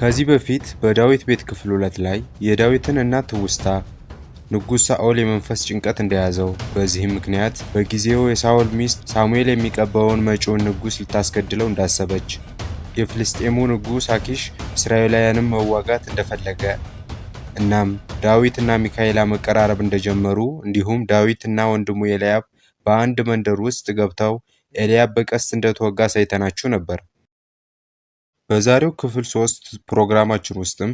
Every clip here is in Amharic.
ከዚህ በፊት በዳዊት ቤት ክፍል ሁለት ላይ የዳዊትን እናት ትውስታ ንጉሥ ሳኦል የመንፈስ ጭንቀት እንደያዘው በዚህም ምክንያት በጊዜው የሳኦል ሚስት ሳሙኤል የሚቀባውን መጪውን ንጉሥ ልታስገድለው እንዳሰበች፣ የፍልስጤሙ ንጉሥ አኪሽ እስራኤላውያንም መዋጋት እንደፈለገ እናም ዳዊትና ሚካኤላ መቀራረብ እንደጀመሩ እንዲሁም ዳዊትና ወንድሙ ኤልያብ በአንድ መንደር ውስጥ ገብተው ኤልያብ በቀስት እንደተወጋ ሳይተናችሁ ነበር። በዛሬው ክፍል ሶስት ፕሮግራማችን ውስጥም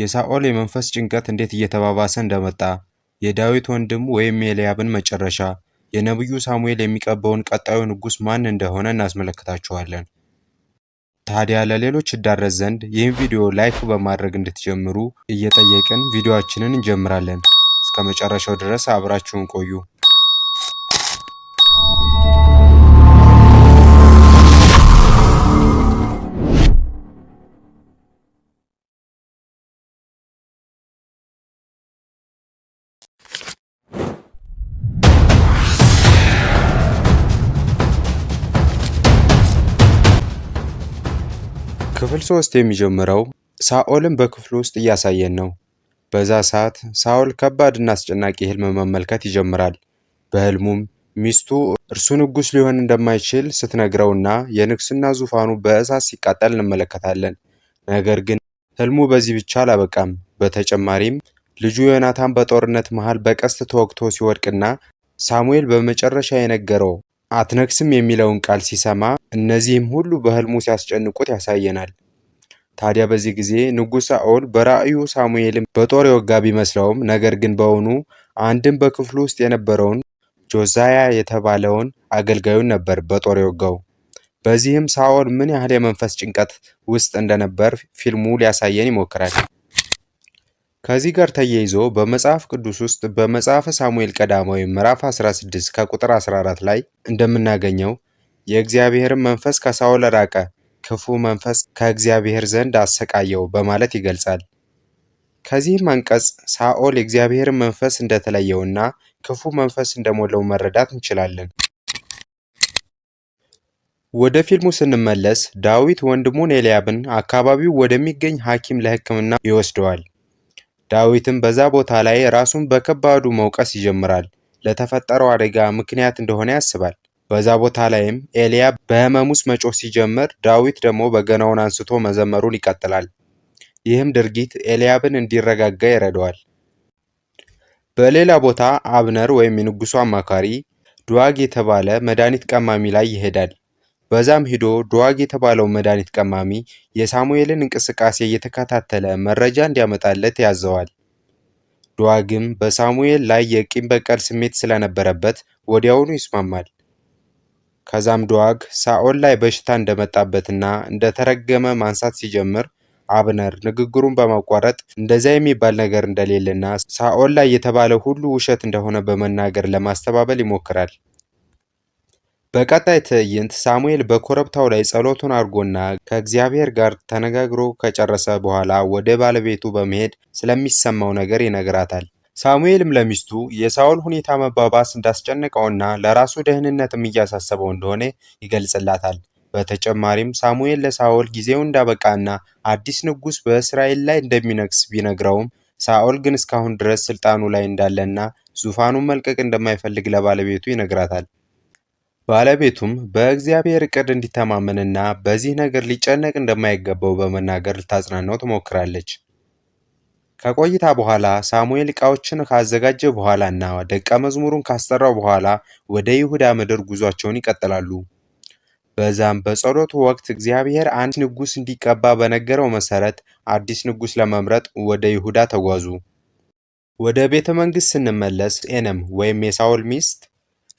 የሳኦል የመንፈስ ጭንቀት እንዴት እየተባባሰ እንደመጣ፣ የዳዊት ወንድም ወይም ኤልያብን መጨረሻ፣ የነቢዩ ሳሙኤል የሚቀባውን ቀጣዩ ንጉሥ ማን እንደሆነ እናስመለክታችኋለን። ታዲያ ለሌሎች እዳረስ ዘንድ ይህን ቪዲዮ ላይክ በማድረግ እንድትጀምሩ እየጠየቅን ቪዲዮችንን እንጀምራለን። እስከ መጨረሻው ድረስ አብራችሁን ቆዩ። ክፍል ሶስት የሚጀምረው ሳኦልን በክፍሉ ውስጥ እያሳየን ነው። በዛ ሰዓት ሳኦል ከባድና አስጨናቂ ህልም መመልከት ይጀምራል። በህልሙም ሚስቱ እርሱ ንጉሥ ሊሆን እንደማይችል ስትነግረውና የንግስና ዙፋኑ በእሳት ሲቃጠል እንመለከታለን። ነገር ግን ህልሙ በዚህ ብቻ አላበቃም። በተጨማሪም ልጁ ዮናታን በጦርነት መሃል በቀስት ተወግቶ ሲወድቅና ሳሙኤል በመጨረሻ የነገረው አትነግስም የሚለውን ቃል ሲሰማ እነዚህም ሁሉ በህልሙ ሲያስጨንቁት ያሳየናል። ታዲያ በዚህ ጊዜ ንጉሥ ሳኦል በራእዩ ሳሙኤልን በጦር የወጋ ቢመስለውም ነገር ግን በውኑ አንድም በክፍሉ ውስጥ የነበረውን ጆዛያ የተባለውን አገልጋዩን ነበር በጦር የወጋው። በዚህም ሳኦል ምን ያህል የመንፈስ ጭንቀት ውስጥ እንደነበር ፊልሙ ሊያሳየን ይሞክራል። ከዚህ ጋር ተያይዞ በመጽሐፍ ቅዱስ ውስጥ በመጽሐፈ ሳሙኤል ቀዳማዊ ምዕራፍ 16 ከቁጥር 14 ላይ እንደምናገኘው የእግዚአብሔርን መንፈስ ከሳኦል ራቀ ክፉ መንፈስ ከእግዚአብሔር ዘንድ አሰቃየው በማለት ይገልጻል። ከዚህም አንቀጽ ሳኦል የእግዚአብሔርን መንፈስ እንደተለየውና ክፉ መንፈስ እንደሞላው መረዳት እንችላለን። ወደ ፊልሙ ስንመለስ ዳዊት ወንድሙን ኤልያብን አካባቢው ወደሚገኝ ሐኪም ለሕክምና ይወስደዋል። ዳዊትም በዛ ቦታ ላይ ራሱን በከባዱ መውቀስ ይጀምራል። ለተፈጠረው አደጋ ምክንያት እንደሆነ ያስባል። በዛ ቦታ ላይም ኤልያ በህመም ውስጥ መጮህ ሲጀምር ዳዊት ደግሞ በገናውን አንስቶ መዘመሩን ይቀጥላል። ይህም ድርጊት ኤልያብን እንዲረጋጋ ይረዳዋል። በሌላ ቦታ አብነር ወይም የንጉሱ አማካሪ ድዋግ የተባለ መድኃኒት ቀማሚ ላይ ይሄዳል። በዛም ሂዶ ድዋግ የተባለው መድኃኒት ቀማሚ የሳሙኤልን እንቅስቃሴ እየተከታተለ መረጃ እንዲያመጣለት ያዘዋል። ድዋግም በሳሙኤል ላይ የቂም በቀል ስሜት ስለነበረበት ወዲያውኑ ይስማማል። ድዋግ ሳኦል ላይ በሽታ እንደመጣበትና እንደተረገመ ማንሳት ሲጀምር አብነር ንግግሩን በማቋረጥ እንደዚያ የሚባል ነገር እንደሌለና ሳኦል ላይ የተባለ ሁሉ ውሸት እንደሆነ በመናገር ለማስተባበል ይሞክራል። በቀጣይ ትዕይንት ሳሙኤል በኮረብታው ላይ ጸሎቱን አድርጎና ከእግዚአብሔር ጋር ተነጋግሮ ከጨረሰ በኋላ ወደ ባለቤቱ በመሄድ ስለሚሰማው ነገር ይነግራታል። ሳሙኤልም ለሚስቱ የሳኦል ሁኔታ መባባስ እንዳስጨነቀውና ለራሱ ደህንነትም እያሳሰበው እንደሆነ ይገልጽላታል። በተጨማሪም ሳሙኤል ለሳኦል ጊዜው እንዳበቃና አዲስ ንጉሥ በእስራኤል ላይ እንደሚነግስ ቢነግረውም ሳኦል ግን እስካሁን ድረስ ስልጣኑ ላይ እንዳለና ዙፋኑን መልቀቅ እንደማይፈልግ ለባለቤቱ ይነግራታል። ባለቤቱም በእግዚአብሔር እቅድ እንዲተማመንና በዚህ ነገር ሊጨነቅ እንደማይገባው በመናገር ልታጽናናው ትሞክራለች። ከቆይታ በኋላ ሳሙኤል ዕቃዎችን ካዘጋጀ በኋላ እና ደቀ መዝሙሩን ካስጠራው በኋላ ወደ ይሁዳ ምድር ጉዟቸውን ይቀጥላሉ። በዛም በጸሎቱ ወቅት እግዚአብሔር አንድ ንጉሥ እንዲቀባ በነገረው መሰረት አዲስ ንጉሥ ለመምረጥ ወደ ይሁዳ ተጓዙ። ወደ ቤተ መንግሥት ስንመለስ ኤነም ወይም የሳኦል ሚስት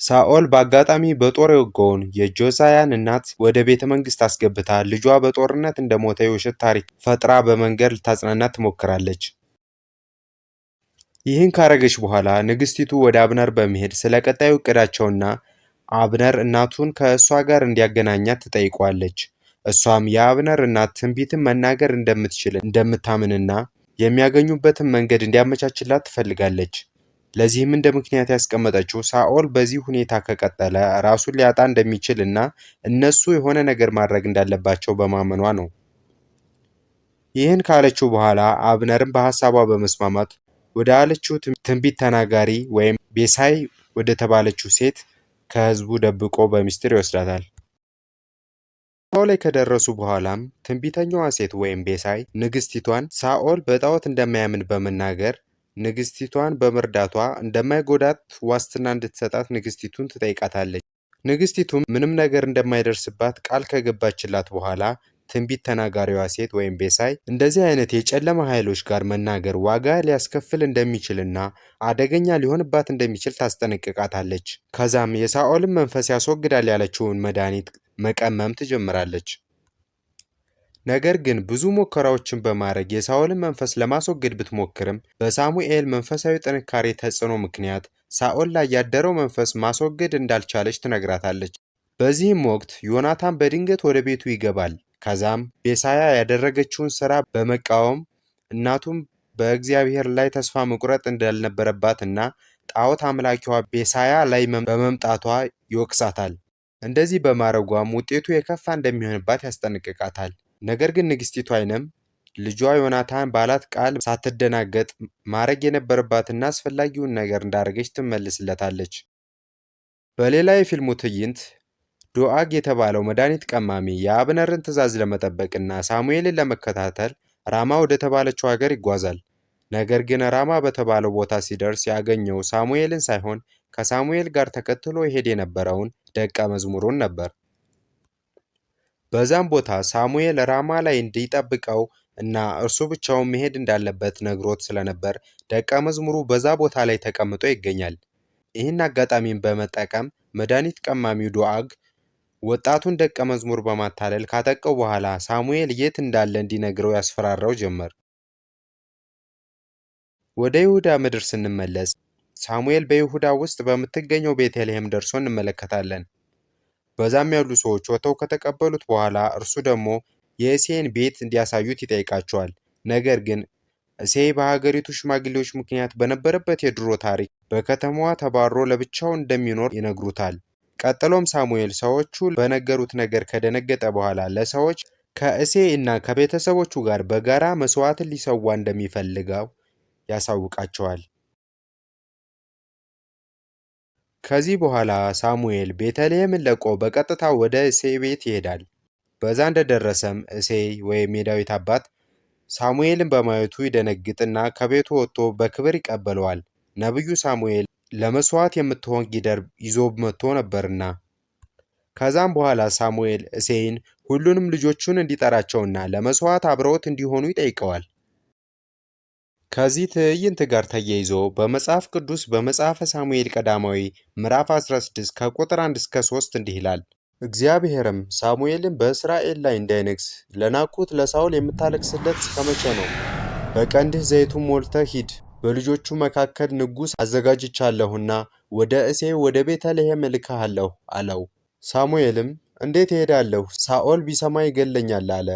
ሳኦል በአጋጣሚ በጦር የወጋውን የጆዛያን እናት ወደ ቤተ መንግሥት አስገብታ ልጇ በጦርነት እንደሞተ የውሸት ታሪክ ፈጥራ በመንገድ ልታጽናናት ትሞክራለች። ይህን ካረገች በኋላ ንግስቲቱ ወደ አብነር በመሄድ ስለ ቀጣዩ እቅዳቸውና አብነር እናቱን ከእሷ ጋር እንዲያገናኛት ትጠይቋለች። እሷም የአብነር እናት ትንቢትን መናገር እንደምትችል እንደምታምንና የሚያገኙበትን መንገድ እንዲያመቻችላት ትፈልጋለች። ለዚህም እንደ ምክንያት ያስቀመጠችው ሳኦል በዚህ ሁኔታ ከቀጠለ ራሱን ሊያጣ እንደሚችል እና እነሱ የሆነ ነገር ማድረግ እንዳለባቸው በማመኗ ነው። ይህን ካለችው በኋላ አብነርን በሀሳቧ በመስማማት ወደ አለችው ትንቢት ተናጋሪ ወይም ቤሳይ ወደ ተባለችው ሴት ከህዝቡ ደብቆ በሚስጥር ይወስዳታል። ሳኦል ላይ ከደረሱ በኋላም ትንቢተኛዋ ሴት ወይም ቤሳይ ንግስቲቷን ሳኦል በጣዖት እንደማያምን በመናገር ንግስቲቷን በመርዳቷ እንደማይጎዳት ዋስትና እንድትሰጣት ንግስቲቱን ትጠይቃታለች። ንግስቲቱም ምንም ነገር እንደማይደርስባት ቃል ከገባችላት በኋላ ትንቢት ተናጋሪዋ ሴት ወይም ቤሳይ እንደዚህ አይነት የጨለማ ኃይሎች ጋር መናገር ዋጋ ሊያስከፍል እንደሚችልና አደገኛ ሊሆንባት እንደሚችል ታስጠነቅቃታለች። ከዛም የሳኦልን መንፈስ ያስወግዳል ያለችውን መድኃኒት መቀመም ትጀምራለች። ነገር ግን ብዙ ሙከራዎችን በማድረግ የሳኦልን መንፈስ ለማስወገድ ብትሞክርም በሳሙኤል መንፈሳዊ ጥንካሬ ተጽዕኖ ምክንያት ሳኦል ላይ ያደረው መንፈስ ማስወገድ እንዳልቻለች ትነግራታለች። በዚህም ወቅት ዮናታን በድንገት ወደ ቤቱ ይገባል። ከዛም ቤሳያ ያደረገችውን ስራ በመቃወም እናቱም በእግዚአብሔር ላይ ተስፋ መቁረጥ እንዳልነበረባት እና ጣዖት አምላኪዋ ቤሳያ ላይ በመምጣቷ ይወቅሳታል። እንደዚህ በማረጓም ውጤቱ የከፋ እንደሚሆንባት ያስጠነቅቃታል። ነገር ግን ንግስቲቱ አይነም ልጇ ዮናታን ባላት ቃል ሳትደናገጥ ማድረግ የነበረባትና አስፈላጊውን ነገር እንዳደረገች ትመልስለታለች። በሌላ የፊልሙ ትዕይንት ዶአግ የተባለው መድኃኒት ቀማሚ የአብነርን ትዕዛዝ ለመጠበቅና ሳሙኤልን ለመከታተል ራማ ወደተባለችው ሀገር ይጓዛል። ነገር ግን ራማ በተባለው ቦታ ሲደርስ ያገኘው ሳሙኤልን ሳይሆን ከሳሙኤል ጋር ተከትሎ ይሄድ የነበረውን ደቀ መዝሙሩን ነበር። በዛም ቦታ ሳሙኤል ራማ ላይ እንዲጠብቀው እና እርሱ ብቻውን መሄድ እንዳለበት ነግሮት ስለነበር ደቀ መዝሙሩ በዛ ቦታ ላይ ተቀምጦ ይገኛል። ይህን አጋጣሚን በመጠቀም መድኃኒት ቀማሚው ዶአግ ወጣቱን ደቀ መዝሙር በማታለል ካጠቀው በኋላ ሳሙኤል የት እንዳለ እንዲነግረው ያስፈራራው ጀመር። ወደ ይሁዳ ምድር ስንመለስ ሳሙኤል በይሁዳ ውስጥ በምትገኘው ቤተልሔም ደርሶ እንመለከታለን። በዛም ያሉ ሰዎች ወጥተው ከተቀበሉት በኋላ እርሱ ደግሞ የእሴይን ቤት እንዲያሳዩት ይጠይቃቸዋል። ነገር ግን እሴይ በሀገሪቱ ሽማግሌዎች ምክንያት በነበረበት የድሮ ታሪክ በከተማዋ ተባሮ ለብቻው እንደሚኖር ይነግሩታል። ቀጥሎም ሳሙኤል ሰዎቹ በነገሩት ነገር ከደነገጠ በኋላ ለሰዎች ከእሴ እና ከቤተሰቦቹ ጋር በጋራ መስዋዕትን ሊሰዋ እንደሚፈልገው ያሳውቃቸዋል። ከዚህ በኋላ ሳሙኤል ቤተልሔምን ለቆ በቀጥታ ወደ እሴ ቤት ይሄዳል። በዛ እንደደረሰም እሴ ወይም የዳዊት አባት ሳሙኤልን በማየቱ ይደነግጥና ከቤቱ ወጥቶ በክብር ይቀበለዋል። ነቢዩ ሳሙኤል ለመስዋዕት የምትሆን ጊደር ይዞ መጥቶ ነበርና። ከዛም በኋላ ሳሙኤል እሴይን ሁሉንም ልጆቹን እንዲጠራቸውና ለመስዋዕት አብረውት እንዲሆኑ ይጠይቀዋል። ከዚህ ትዕይንት ጋር ተያይዞ በመጽሐፍ ቅዱስ በመጽሐፈ ሳሙኤል ቀዳማዊ ምዕራፍ 16 ከቁጥር 1 እስከ 3 እንዲህ ይላል። እግዚአብሔርም ሳሙኤልን በእስራኤል ላይ እንዳይነግስ ለናቁት ለሳውል የምታለቅስለት እስከ መቼ ነው? በቀንድህ ዘይቱን ሞልተህ ሂድ፣ በልጆቹ መካከል ንጉሥ አዘጋጅቻለሁና ወደ እሴ ወደ ቤተልሔም እልክሃለሁ አለው። ሳሙኤልም እንዴት እሄዳለሁ? ሳኦል ቢሰማ ይገለኛል አለ።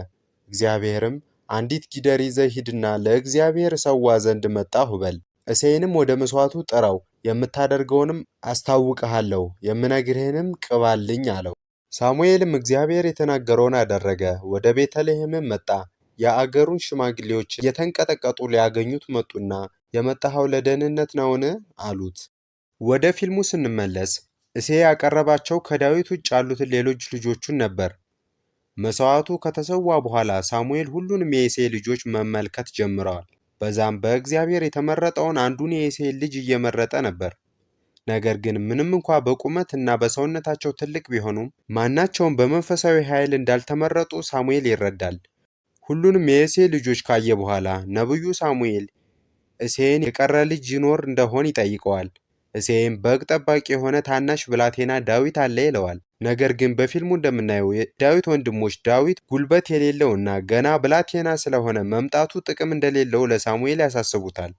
እግዚአብሔርም አንዲት ጊደር ይዘህ ሂድና ለእግዚአብሔር ሰዋ ዘንድ መጣሁ በል። እሴይንም ወደ ምስዋቱ ጥራው፣ የምታደርገውንም አስታውቅሃለሁ፣ የምነግርህንም ቅባልኝ አለው። ሳሙኤልም እግዚአብሔር የተናገረውን አደረገ፣ ወደ ቤተልሔምም መጣ። የአገሩን ሽማግሌዎች እየተንቀጠቀጡ ሊያገኙት መጡና የመጣኸው ለደህንነት ነውን? አሉት። ወደ ፊልሙ ስንመለስ እሴ ያቀረባቸው ከዳዊት ውጭ ያሉትን ሌሎች ልጆቹን ነበር። መሥዋዕቱ ከተሰዋ በኋላ ሳሙኤል ሁሉንም የእሴ ልጆች መመልከት ጀምረዋል። በዛም በእግዚአብሔር የተመረጠውን አንዱን የእሴ ልጅ እየመረጠ ነበር። ነገር ግን ምንም እንኳ በቁመት እና በሰውነታቸው ትልቅ ቢሆኑም ማናቸውም በመንፈሳዊ ኃይል እንዳልተመረጡ ሳሙኤል ይረዳል። ሁሉንም የእሴ ልጆች ካየ በኋላ ነቢዩ ሳሙኤል እሴን የቀረ ልጅ ይኖር እንደሆን ይጠይቀዋል። እሴም በግ ጠባቂ የሆነ ታናሽ ብላቴና ዳዊት አለ ይለዋል። ነገር ግን በፊልሙ እንደምናየው የዳዊት ወንድሞች ዳዊት ጉልበት የሌለው እና ገና ብላቴና ስለሆነ መምጣቱ ጥቅም እንደሌለው ለሳሙኤል ያሳስቡታል።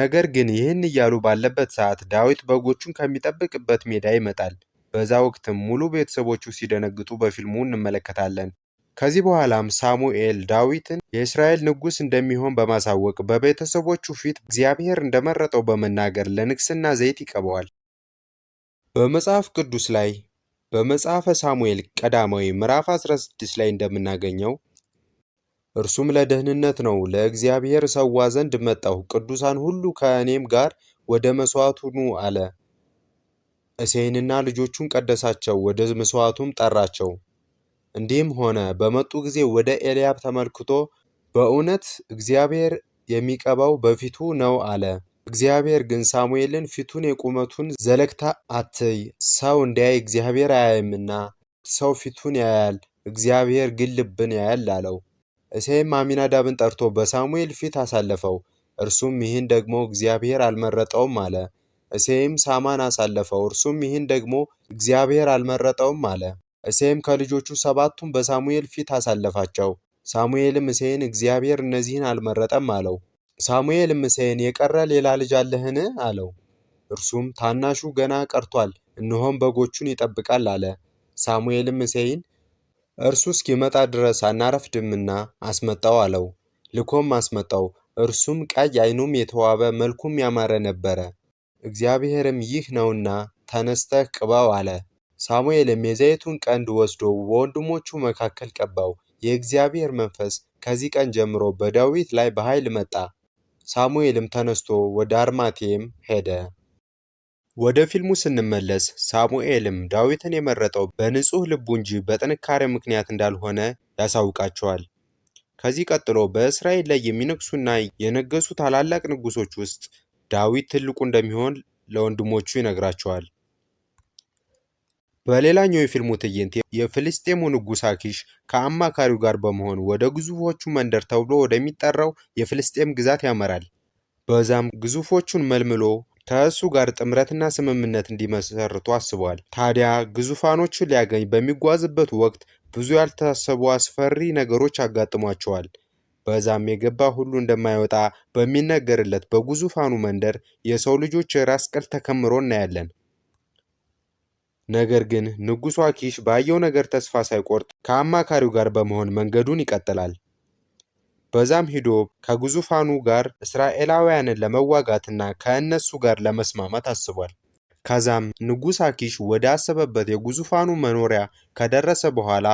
ነገር ግን ይህን እያሉ ባለበት ሰዓት ዳዊት በጎቹን ከሚጠብቅበት ሜዳ ይመጣል። በዛ ወቅትም ሙሉ ቤተሰቦቹ ሲደነግጡ በፊልሙ እንመለከታለን። ከዚህ በኋላም ሳሙኤል ዳዊትን የእስራኤል ንጉሥ እንደሚሆን በማሳወቅ በቤተሰቦቹ ፊት እግዚአብሔር እንደመረጠው በመናገር ለንግሥና ዘይት ይቀበዋል። በመጽሐፍ ቅዱስ ላይ በመጽሐፈ ሳሙኤል ቀዳማዊ ምዕራፍ 16 ላይ እንደምናገኘው እርሱም ለደህንነት ነው፣ ለእግዚአብሔር ሰዋ ዘንድ መጣሁ፣ ቅዱሳን ሁሉ ከእኔም ጋር ወደ መሥዋዕቱ ኑ አለ። እሴይንና ልጆቹን ቀደሳቸው፣ ወደ መሥዋዕቱም ጠራቸው። እንዲህም ሆነ በመጡ ጊዜ ወደ ኤልያብ ተመልክቶ በእውነት እግዚአብሔር የሚቀባው በፊቱ ነው አለ። እግዚአብሔር ግን ሳሙኤልን ፊቱን የቁመቱን ዘለግታ አትይ፣ ሰው እንዲያይ እግዚአብሔር አያይምና፣ ሰው ፊቱን ያያል፣ እግዚአብሔር ግን ልብን ያያል አለው። እሴይም አሚናዳብን ጠርቶ በሳሙኤል ፊት አሳለፈው። እርሱም ይህን ደግሞ እግዚአብሔር አልመረጠውም አለ። እሴይም ሳማን አሳለፈው። እርሱም ይህን ደግሞ እግዚአብሔር አልመረጠውም አለ። እሴይም ከልጆቹ ሰባቱን በሳሙኤል ፊት አሳለፋቸው። ሳሙኤልም እሴይን እግዚአብሔር እነዚህን አልመረጠም አለው። ሳሙኤልም እሴይን የቀረ ሌላ ልጅ አለህን? አለው። እርሱም ታናሹ ገና ቀርቷል፣ እነሆም በጎቹን ይጠብቃል አለ። ሳሙኤልም እሴይን እርሱ እስኪመጣ ድረስ አናረፍድምና አስመጣው አለው። ልኮም አስመጣው። እርሱም ቀይ፣ ዓይኑም የተዋበ መልኩም ያማረ ነበረ። እግዚአብሔርም ይህ ነውና ተነስተህ ቅባው አለ። ሳሙኤልም የዘይቱን ቀንድ ወስዶ በወንድሞቹ መካከል ቀባው። የእግዚአብሔር መንፈስ ከዚህ ቀን ጀምሮ በዳዊት ላይ በኃይል መጣ። ሳሙኤልም ተነስቶ ወደ አርማቴም ሄደ። ወደ ፊልሙ ስንመለስ ሳሙኤልም ዳዊትን የመረጠው በንጹህ ልቡ እንጂ በጥንካሬ ምክንያት እንዳልሆነ ያሳውቃቸዋል። ከዚህ ቀጥሎ በእስራኤል ላይ የሚነግሱና የነገሱ ታላላቅ ንጉሶች ውስጥ ዳዊት ትልቁ እንደሚሆን ለወንድሞቹ ይነግራቸዋል። በሌላኛው የፊልሙ ትዕይንት የፍልስጤሙ ንጉሥ አኪሽ ከአማካሪው ጋር በመሆን ወደ ግዙፎቹ መንደር ተብሎ ወደሚጠራው የፍልስጤም ግዛት ያመራል። በዛም ግዙፎቹን መልምሎ ከእሱ ጋር ጥምረትና ስምምነት እንዲመሰርቱ አስቧል። ታዲያ ግዙፋኖቹን ሊያገኝ በሚጓዝበት ወቅት ብዙ ያልታሰቡ አስፈሪ ነገሮች አጋጥሟቸዋል። በዛም የገባ ሁሉ እንደማይወጣ በሚነገርለት በግዙፋኑ መንደር የሰው ልጆች ራስ ቅል ተከምሮ እናያለን። ነገር ግን ንጉሡ አኪሽ ባየው ነገር ተስፋ ሳይቆርጥ ከአማካሪው ጋር በመሆን መንገዱን ይቀጥላል። በዛም ሂዶ ከግዙፋኑ ጋር እስራኤላውያንን ለመዋጋትና ከእነሱ ጋር ለመስማማት አስቧል። ከዛም ንጉሥ አኪሽ ወደ አሰበበት የግዙፋኑ መኖሪያ ከደረሰ በኋላ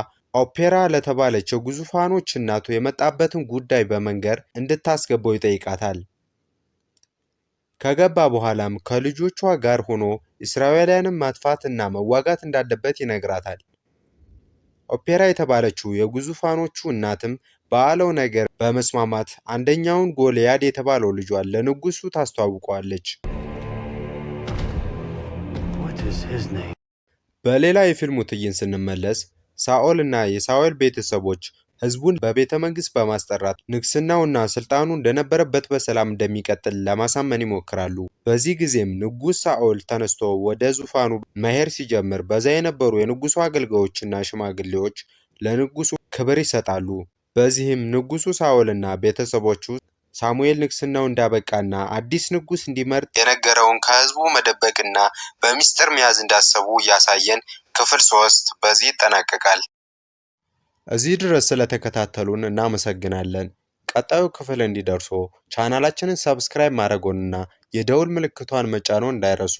ኦፔራ ለተባለች የግዙፋኖች እናቱ የመጣበትን ጉዳይ በመንገር እንድታስገባው ይጠይቃታል። ከገባ በኋላም ከልጆቿ ጋር ሆኖ ማጥፋት ማጥፋትና መዋጋት እንዳለበት ይነግራታል። ኦፔራ የተባለችው የግዙፋኖቹ እናትም ባለው ነገር በመስማማት አንደኛውን ጎልያድ የተባለው ልጇን ለንጉሱ ታስተዋውቀዋለች። በሌላ የፊልሙ ትዕይንት ስንመለስ ሳኦል እና የሳኦል ቤተሰቦች ህዝቡን በቤተ መንግስት በማስጠራት ንግስናውና ስልጣኑ እንደነበረበት በሰላም እንደሚቀጥል ለማሳመን ይሞክራሉ። በዚህ ጊዜም ንጉሥ ሳኦል ተነስቶ ወደ ዙፋኑ መሄድ ሲጀምር በዛ የነበሩ የንጉሱ አገልጋዮችና ሽማግሌዎች ለንጉሱ ክብር ይሰጣሉ። በዚህም ንጉሱ ሳኦልና ቤተሰቦቹ ሳሙኤል ንግስናው እንዳበቃና አዲስ ንጉስ እንዲመርጥ የነገረውን ከህዝቡ መደበቅና በሚስጥር መያዝ እንዳሰቡ እያሳየን ክፍል ሶስት በዚህ ይጠናቀቃል። እዚህ ድረስ ስለተከታተሉን እናመሰግናለን። ቀጣዩ ክፍል እንዲደርሶ ቻናላችንን ሰብስክራይብ ማድረጎንና የደውል ምልክቷን መጫኖ እንዳይረሱ